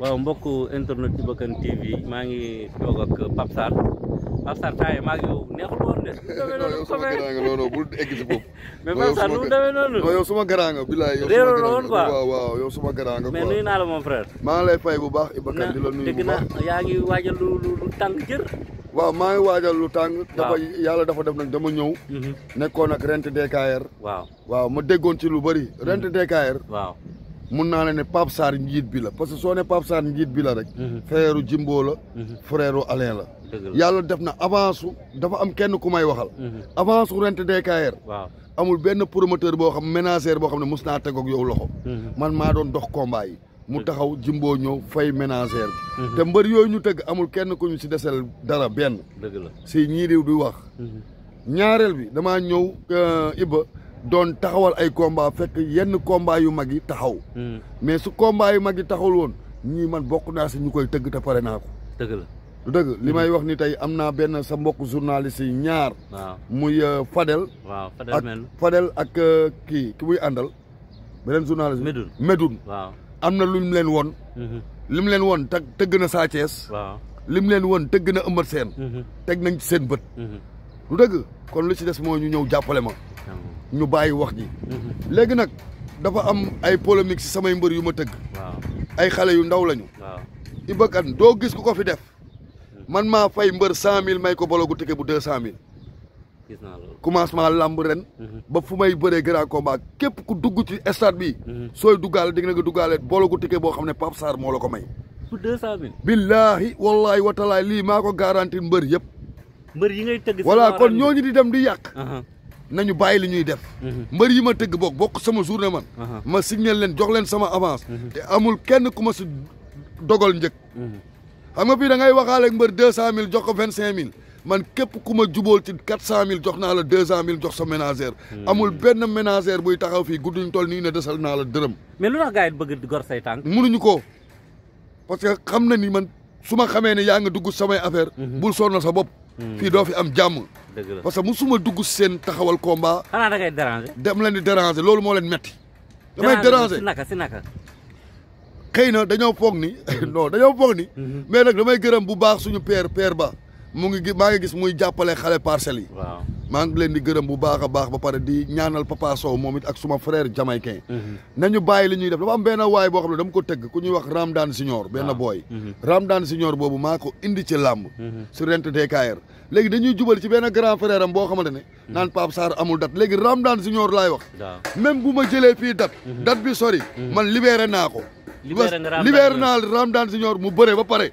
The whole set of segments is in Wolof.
waaw mbokk internet ci bakkan Kane TV maa ngi toog ak Pape Sarr maa ngi yow neexul woon garaanga non non si mu demee noonu. yow sama garaanga bilaay yow garaanga quoi waaw waaw garaanga quoi. mais naa la mon frère. maa ngi lay fay bu baax Iba Kane di la nuyu bu baax yaa ngi waajal lu lu jër. waaw maa ngi waajal lu tàng. dafa yàlla dafa def nag dama ñëw. Mhm. nekkoon ak rent DKR. waaw waaw ma déggoon ci lu bari mhm. rent DKR. waaw. mun naa ne ne Pape Sarr njiit bi la parce que soo ne Pape njiit bi la rek. Mhm. frère Jimbo la. Mhm. frère la. yàlla def na avance dafa am kenn ku may waxal. Mhm. avance su rente waaw amul benn promoteur boo xam ménagère boo xam ne mos naa teg ak yow loxo. man maa doon dox combat yi. mu taxaw Jimbo ñëw fay ménagère bi. te mbër yooyu ñu tëgg amul kenn ku si desel dara benn. dëgg la si ñii di wax. ñaareel bi damaa ñëw euh, Iba. Don taxawal ay combat fekk yenn combat yu magi taxaw. Hmm. mais su combat yu magi yi taxawul woon man bokku na ci ñukoy teug ta paré pare naa ko. dëgg la du deug limay wax ni tay amna ben sa mbokk journaliste ñaar. muy euh, Fadel. waaw Fadel mel Fadel ak euh, ki ki muy andal, medun, journaliste medun medun waaw amna luñu leen won. Mm-hmm. li leen won tag na Sa Thiès. waaw lim won teug na Eumeu sen mm-hmm. teug nañ ci seen bët. Mm-hmm. du deug kon lu ci dess mo ñu ñew jappalé ma ñu bayyi wax ji mhm. légui nak dafa am ay polémique ci samay mbeur yu ma ay xalé yu ndaw lañu Iba Kane gis ku ko fi def hmm. man ma fay mbeur 100000 may ko bologu ticket bu 200000 cent mille commencement làmb ren mhm. ba fu may grand combat képp ku dugg ci stade bi mhm. sooy duggaale di nga nga duggaale bologu ticket boo xam ne Pape may ko garanti mbër yi ngay kon ñooñu di dem di yak nañu bàyyi li ñuy def. Mhm. mbër yi ma tëgg boog bokk sama journée man. Mhm. ma signal leen jox leen sama avance. Mhm. te amul kenn ku ma si dogal njëkk. xam nga bii da ngay waxaale ak mbër deux cent mille jox ko vingt cinq mille man ku ma jubóol ci quatre mille jox naa la deux cent mille jox sa ménagère. amul benn ménagère buy taxaw fii gudduñ toll nii ne desal naa la dërëm. mais lu tax gars yi bëgg gor say tànk. munuñu ko parce que xam na ni man su ma xamee ne yaa nga dugg samay affaire bul sonal sa bopp. Hmm. fii doo fi am jàmm. parce que suma dugg seen taxawal combat. xanaa da ngay dem leen di déranger loolu moo leen metti damay déranger si naka si naka. xëy na dañoo foog ni non dañoo foog ni. Hmm. mais nag damay gërëm bu baax suñu père père ba. mu ngi maa ngi gis muy jàppale xale parcelles yi. maa ngi leen di gërëm bu baax a baax ba pare di ñaanal papa Sow moom it ak suma frère jamaïcain. Mhm. nañu bàyyi li ñuy def dafa am benn waay boo xam ne dama ko tëgg ku ñuy wax Ramdan Signor. benn booy. Mhm. Ramdan Signor boobu maa ko indi ci làmb. Mhm. sur rent DKR. léegi dañuy jubal ci benn grand frère am boo xamante ne. naan Pape Sarr amul date léegi Ramdan Signor laay wax. même bu ma jëlee fii date. date bi sori. man libéré naa ko. libéré naa Ramdan Signor mu bëree ba pare.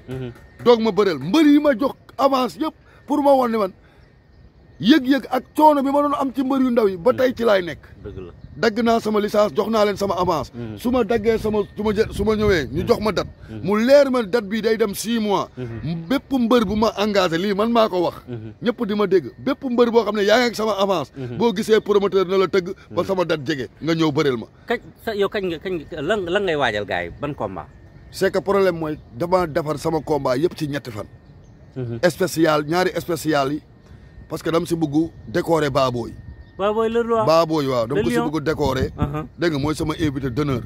doog ma bëreel mbër yi ma jox avance yëpp pour ma wane ni man yëg ak coono bi ma am ci mbër yu ndaw yi ba tey ci laay nekk dagg naa sama licence jox naa leen sama avance mhm. su ma daggee sama su ma su ma ñëwee ñu jox ma date mhm. mu leer ma date bi day dem six mois mhm. bépp mbër bu ma engagé lii man maa ko wax ñëpp di ma dégg bépp mbër boo xam ne yaa ngi sama avance boo gisee promoteur na la tëgg ba sama dat jege nga ñëw bëreel ma kañ sa yow kañ nga kañ lan lan ngay waajal gars yi ban combat c'est que problème mooy dama defar sama combat yëpp ci ñetti fan Mhm. spécial ñaari spécial yi parce que dama si bëgg décorer baabooy. baabooy le roi baabooy waaw dama ko si bëgg décorer. Uh-huh. dégg mooy sama invité d'honneur.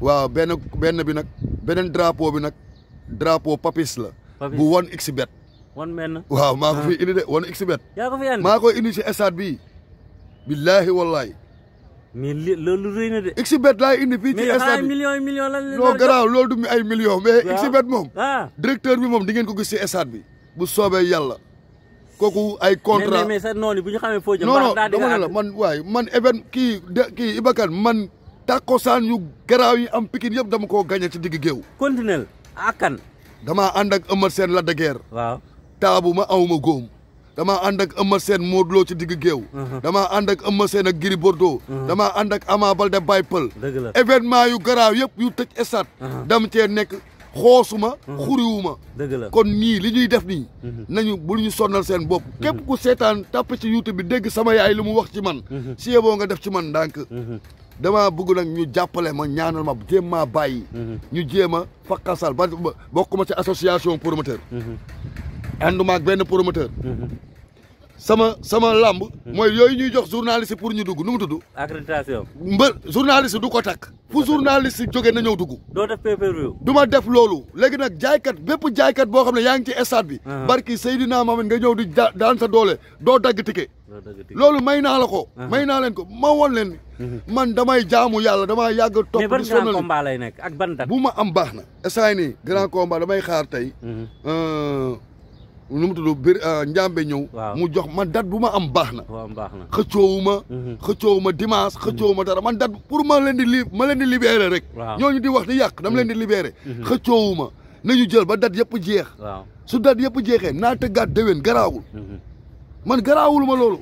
waaw benn benn bi nag beneen drapeau bi nag drapo papis la. bu one x bet. one waaw maa ko fi uh-huh. indi de one x bet. yaa ko fi maa ko indi si stade bii. billaahi wallaahi. li loolu rëy na de. xibet laay indi fii ci stade bi millions millions garaaw loolu du ay million mais xibet moom. Ah. directeur bi moom di ngeen ko gis ci stade bi. bu soobee yàlla kooku ay contrat mais mais noonu bu ñu xamee foo jëm non non dama ne la man waaye man even kii kii Iba Kane man tàkkosaan yu garaaw yi am Pikine yëpp dama koo gañe ci digg géew continuel akan dama ànd ak Eumeu Sène Lac de Guiers waaw taabu ma awuma góom damaa ànd ak Eumeu Sène Modou Lo ci digg géew uh-huh. damaa ànd ak Eumeu Sène ak Gris Bordeaux uh-huh. damaa ànd ak Ama Baldé événement yu garaaw yëpp yu tëj estat uh-huh. dam cee nekk xoosuma xuriwuma dëgg la kon ñii li ñuy def nii nañu bul ñu sonnal seen bopp képp ku seetaan tàpp ci youtube bi dégg sama yaay li mu wax ci man si yeboo nga def ci man ndànk dama bëgg nag ñu jàppale ma ñaanal ma jéem maa bàyyi ñu jéem a fakkasal ba bokkuma ci association promoteur ànduma ak benn promoteur sama sama làmb. mooy yooyu ñuy jox journaliste pour ñu dugg nu mu tudd. accréditation. mbër journaliste du ko takk. fu journaliste jóge na ñëw dugg. doo def pay du ma def loolu léegi nag jaaykat bépp jaaykat boo xam ne yaa ngi ci stade bi. Uh-huh. barki Seydina Mohamed nga ñëw di ja daan sa doole doo dagg ticket. loolu may naa la ko. Uh-huh. may naa leen ko ma woon leen. Uh-huh. man damay jaamu yàlla damaa yàgg a. topp mais grand combat lay nekk ak ban date bu ma am baax na. instant nii grand combat damay xaar tey. Euh, nu mu tudd bir ñambe euh, ñew mu jox man dat bu ma am baxna na xëccoowu ma xëccoowu dimanche mhm. xëccowuma dara man dat pour ma leen di li ma leen di libéré rek ñooñu di wax ni yak dama leen di mhm. libéré mhm. xëccowuma nañu jël ba dat yépp jeex su dat yépp yëpp na te tëggaat dewen garaawul man garaawul ma loolu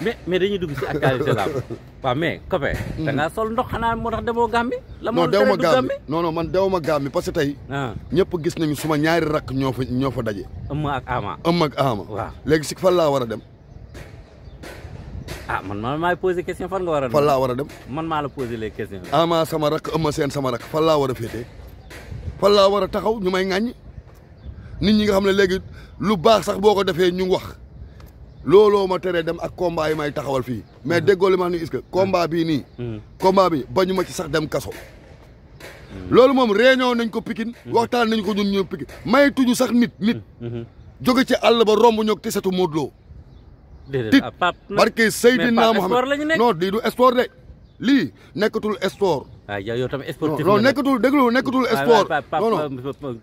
mais mais dañuy dugg ci actualité lamb waaw mais fe da mm. nga sol ndox xana mo tax demo gambi la mo dewuma non non man dewuma parce que ah. gis nañu suma ñaari rak ñoo fa ñoo fa ak ama ëmm ak ama waaw léegi si fan dem ah man maa maay posé question fan nga dem dem man maa la posé les questions ama sama rakk ëmm seen sama rakk fan laa war a féetee fan laa a taxaw nit ñi nga lu baax sax wax looloo ma teree dem ak combat may taxawal fii mais mm-hmm. déggoo ma ni est-ce que mm-hmm. bii nii. Mm-hmm. combat bi bañu ma ci sax dem kaso. loolu moom réunion nañ ko pikin. waxtaan nañ ko ñun ñu pikin may tuñu sax nit nit. jóge ci àll ba romb ñoog te setu Modou Lo. déedéet ah Pape nag barke Seydina Mohamed non lii du sport de. lii nekkatul sport. waaw ah, yow tam sportif non nekkatul déglu nekkatul sport.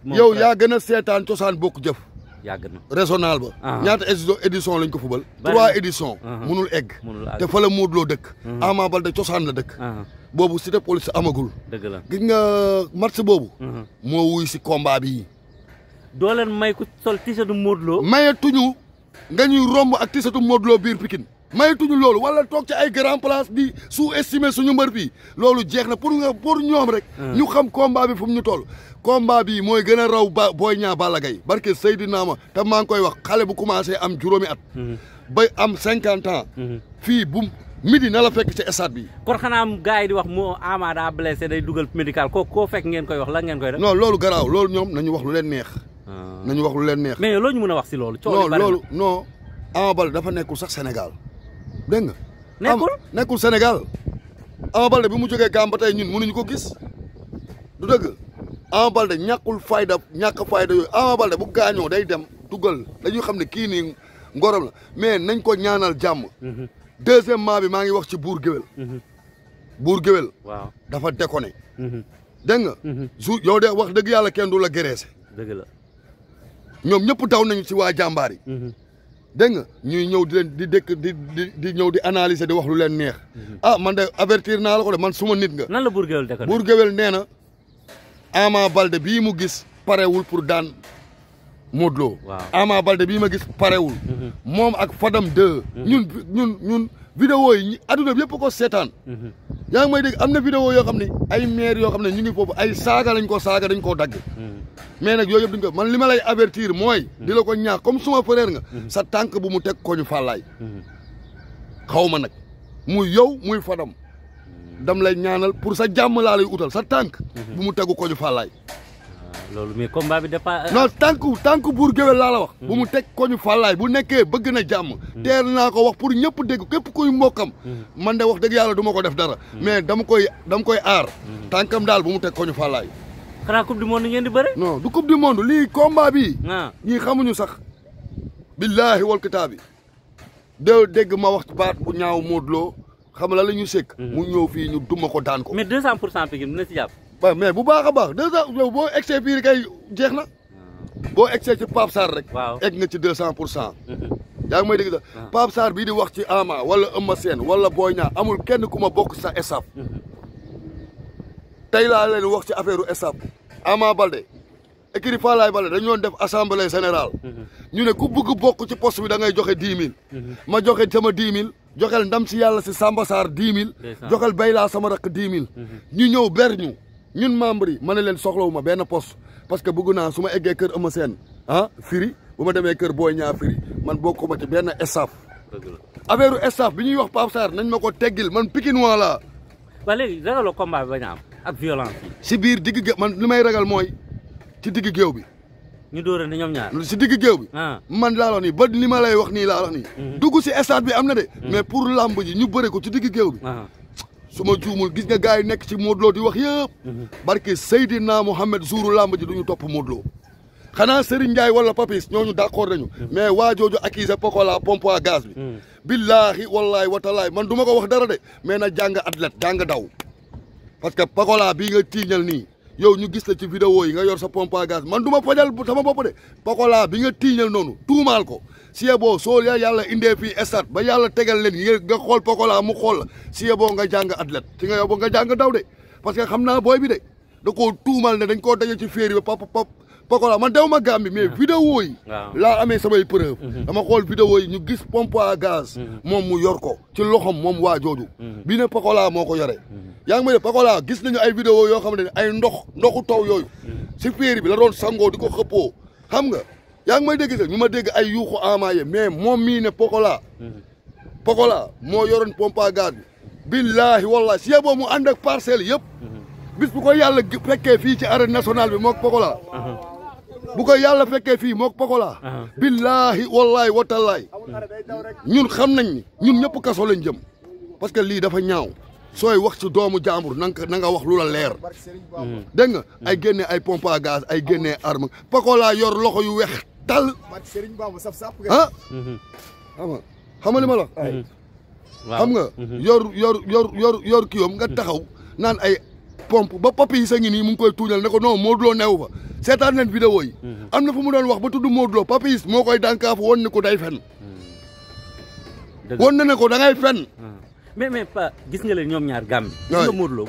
yow yaa gën a seetaan cosaan bokk jëf. yàgg na régional ba ah. ñaata édition lañ ko fubal trois édition ah. munul egg te fa la Modou dëkk mm-hmm. Ama Baldé cosaan la dëkk ah. boobu Cité Police amagul dëgg la gis nga euh, match boobu mm-hmm. moo wuy si combat bi doo leen may ku sol tisatu Modou Lo mayatuñu nga ñuy romb ak tisatu Modou Lo biir Pikine maytuñu loolu wala toog ci ay grand place di sous-estimer suñu mbër bi loolu jeex na pour pour ñoom rek. Ah. ñu xam combat bi fu mu ñu toll. combat bi mooy gën a raw ba Boy Niang Balla Gaye barke Seydina ma te maa ngi koy wax xale bu commencé am juróomi at. Mm-hmm. ba am cinquante ans. Mm-hmm. fii bu midi na la fekk ci stade bi. kon xanaa gars yi di wax moo Ama daa blessé day dugal médical koo koo fekk ngeen koy wax lan ngeen koy def. non loolu garaaw loolu ñoom nañu wax lu leen neex. Ah. nañu wax lu leen neex. mais loolu ñu mën a wax si loolu. coono bari loolu non Ama Baldé dafa nekkul sax Sénégal. dégg nga. nekkul nekkul Sénégal. Ama Baldé bi mu jógee Kaam ba tey ñun mënuñu ko gis du dëgg Ama Baldé ñàkkul fayda ñàkk fayda yooyu Ama Baldé bu gaañoo day dem duggal dañuy xam ne kii nii ngorom la mais nañ ko ñaanal jàmm. Mhm. deuxièmement bi maa ngi wax ci buur géwél. Mhm. buur géwél. waaw dafa déconné. Mhm. dégg nga. su yow de wax dëgg yàlla kenn du la gëreese. dëgg la ñoom ñëpp daw nañu ci waa jàmbaar yi. dégg nga ñuy ñëw di leen di dëkk di di di ñëw di analyser di wax lu leen neex. Mhm. ah man de avertir naa la ko man suma nit nga. nan la Bour Gueweul Bour Gueweul nee na Ama Balde bii mu gis parewul pour daan Modou Lo. waaw Ama Balde bii ma gis parewul. Mhm. moom ak Fadam 2. Mhm. ñun ñun. vidéo yi ñi adduna bi yëpp ko seetaan mhm. yaa may dégg am na vidéo yoo xam ne ay maire yoo xam ne ñu ngi foofu ay saaga lañ ko saaga dañ koo dagg mhm. mais nag yooyu yëpp duñ ko man li ma lay avertir mooy mhm. di la ko ñaax comme suma frère nga sa tànk bu mu teg ko ñu ma nag muy yow muy fadam dam lay ñaanal pour sa jàmm lay utal sa tànk tegu ko ñu fàllaay loolu mais combat bi dafa. tànku euh, tànku buur géwél laa la wax. bu mu hmm. teg koñu fàllaay bu nekkee bëgg na jàmm. Hmm. teel naa ko wax pour ñëpp dégg képp kuy mbokkam. Hmm. man de wax dëgg yàlla du ma ko def dara. mais dama koy dama koy aar. tànkam daal bu mu teg koñu fàllaay. xanaa coupe du monde ngeen di bëre. non du coupe du monde lii combat bi. Ah. ñii xamuñu sax. billaahi wal kitaabi. de dégg ma wax baat ku ñaaw Modou Lo xam la la ñu sekk. mu ñëw fii ñu duma ko daan ko. mais 200 pour cent waaw mais bu baax a baax déjà yow boo egsee fii kay jeex na boo egsee ci Pape Sarr rek. waaw egg nga ci deux cent pour cent. yaa ma may dégg sax ah. Pape bii di wax ci Ama wala Eumeu Sène wala Boy Niang amul kenn ku ma bokk sa staff. tey laa leen wax ci affaire u staff Ama Balde écurie Falaye Balde dañu def assemblée général ñu ne ku bëgg bokk ci pos bi da ngay joxe dix mille. ma joxe sama dix mille. joxel ndam si yàlla si Samba Sarr dix mille. joxel Bayla sama rakk dix mille. ñu ñëw ber ñu. ñun membre yi mané len soxlawuma ben poste parce que bëgguna suma su kër Eumeu Sène ah firi bu ma demee kër Boy Niang firi man bokkuma ci ben staff affaire staff bi ñuy wax Pape Sarr nañ mako téggil man man wala ba légui dara lo combat bi bañ am ak violence ci si biir digg ge man limay ragal moy ci digg geew bi ñu ni ñom ñaar si digg geew bi ah. man la wax ni ba li ma lay wax ni la wax ni mm-hmm. duggu si stade bi amna dé mm-hmm. mais pour lamb ji ñu bëré ko ci digg geew bi ah. su ma juumul gis nga gars yi nekk ci Modou di wax yëpp mhm. barke Seydina Mohamed Zourou làmb ji du ñu topp Modou Lo xanaa Serigne Ndiaye wala Papis ñooñu d'accord nañu mhm. mais waa jooju accusé Pokola pompe à gaz bi mhm. billaahi wallaahi watalaay man duma ma ko wax dara de mais na jàng athlète jàng daw parce que Pokola bii nga tiiñal nii yow ñu gis la ci vidéo yi nga yor sa pompe à gaz man du ma fajal sama bopp de Pokola bi nga tiiñal noonu tuumaal ko sie boo soo la yàlla indee fi stat ba yàlla tegal leen nga xool Pokola mu xool la sie boo nga jàng athlète si nga yow nga jàng daw de parce que xam naa booy bi de da koo tuumal ne dañ koo daje ci féeri ba pap Pokola man dewuma Gambie mais ah. vidéo yi ah. laa amee samay preuve mhm. dama xool vidéo yi ñu gis pompe à mhm. moom mu yor ko ci loxom moom waa jooju mhm. bii ne Pokola moo ko yore yaa ngi may def Pokola gis nañu ay vidéo yoo xam ne ay ndox ndoxu taw yooyu si féeri bi la doon sangoo di ko xëppoo xam nga yaa ngi may dégg sax ñu ma dégg ay yuuxu amaaye mais moom mii ne Pokola Pokola moo yoroon pompe à gaz bi billaahi wallaahi si yeboo mu ànd parcelle yëpp bis bu ko yàlla fekkee fii ci arène nationale bi mook Pokola bu ko yàlla fekkee fii mook Pokola billaahi wallaahi watalaay ñun xam nañ ni ñun ñep kasso lañ jëm parce que li dafa ñaaw soy wax ci doomu jaambur na nga wax lula la leer deug nga ay genné ay pompe à gaz ay genné arme la yor loxo yu wex tal ah xam la xam nga mhm. yor yor yor yor yor kiyom nga mhm. taxaw nan ay pompe ba papi yi sa ngi nii mu ngi koy tuñal ne ko non moo duloo neew setan leen vidéo yi mhm. amna na fu mu doon wax ba tuddu modlo papis mo koy dànkaaf won na ko day fen mhm. won na ne ko da ngay fen mhm. mais mais pa gis nga leen ñom ñaar gam nga modlo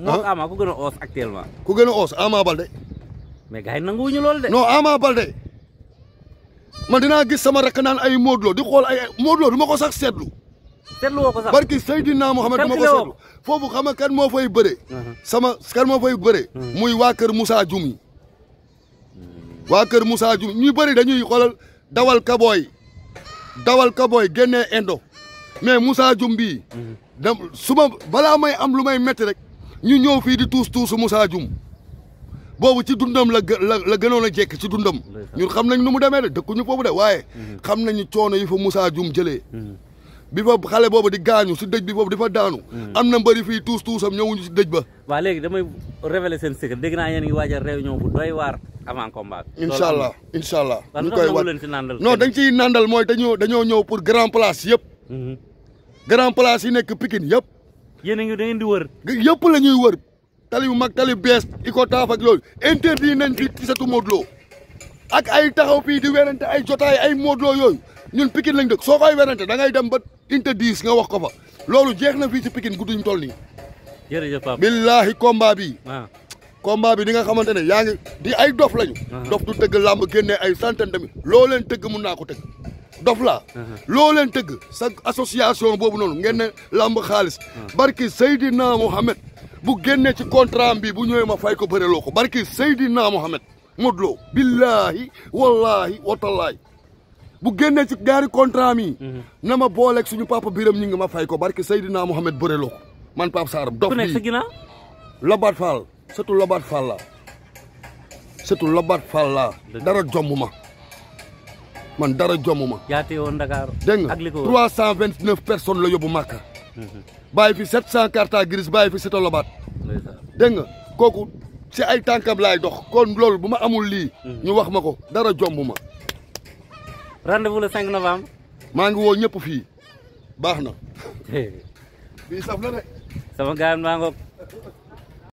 Lo ah. Ama ku gëna a actuellement ku gëna a Ama balde. mais gay yi nanguwuñu lol de non Ama Baldé man dina gis sama rek naan ay modlo di xol ay modlo duma ko sax setlu setlu woo ko sax barki sayyidina muhammad duma ko setlu fofu xama kan mo fay beure uh-huh. sama kan mo fay beure uh-huh. muy wa keur musa Dioum waa kër Moussa Dioum ñuy bëri dañuy xoolal dawal kabooy dawal kabooy génnee indo mais Moussa Dioum bii mhm. da su ma balaa may am lu may métti rek ñu ñëw fii di tuus tuusu Moussa jum boobu ci dundam la la la gënoon a jekk ci dundam ñun xam nañ nu mu demee de dëkkuñu foofu de waaye mhm. xam nañu coono yi fa Moussa Dioum jëlee mhm. bi bob xalé bobu di gañu su dëj bi bobu di daanu. Hmm. amna na fi tous tous am ñewuñu ci dëj ba. wa légui damay révéler sen secret dégg na yeen ngi waaj réunion bu doy war avant combat. inshallah inshallah ñu koy wax non dañ ci nandal moy, dañu dañu ñew pour grand place yépp mhm. grand place yi nek Pikine yépp yeen a ngi da ngeen di wër. yépp la ñuy wër tali bu mag tali iko Icotaf ak yooyu interdit nañ fi tisatu Modou modlo ak ay taxaw fi di wérante ay jotaay ay modlo Lo ñun Pikine lañ dëkk soo koy werante da ngay dem ba interdit nga wax ko fa loolu jeex na fii ci Pikine gudduñ toll nii. jërëjëf Pape billaahi combat bii. waaw ah. combat bi di nga xamante ne yaa ngi di ay dof lañu. Ah. dof du tëgg làmb génnee ay centaine de mille loo leen tëgg mun naa ko tëgg. dof laa. Ah. loo leen tëgg sa association boobu noonu ngeen ne làmb xaalis. barki Seydina Mohamed bu génnee ci contrat bi bu ñëwee ma fay ko bëreloo ko barki Seydina Mohamed Modou Lo billaahi wallaahi watallaahi bu génné ci gari contrat mi mhm. na ma ak suñu papa biram ñi ngi ma fay ko barké Seydina Mohamed bëreloo man papa Saram dof bi Lobat Fall surtout Lobat Fall la surtout Lobat Fall la dara jomm man dara jomm ma yaa Dakar deng 329 personnes la yobu makka mhm. bàyyi fi 700 carta gris grises fi surtout Lobat dégg nga kooku si ay tankam lay dox kon lool buma amul li mhm. ñu wax mako dara jomm rendez-vous le 5 novembre. maa ngi woo ñëpp fii baax na. fii saf na de. sama gars maa ngoog.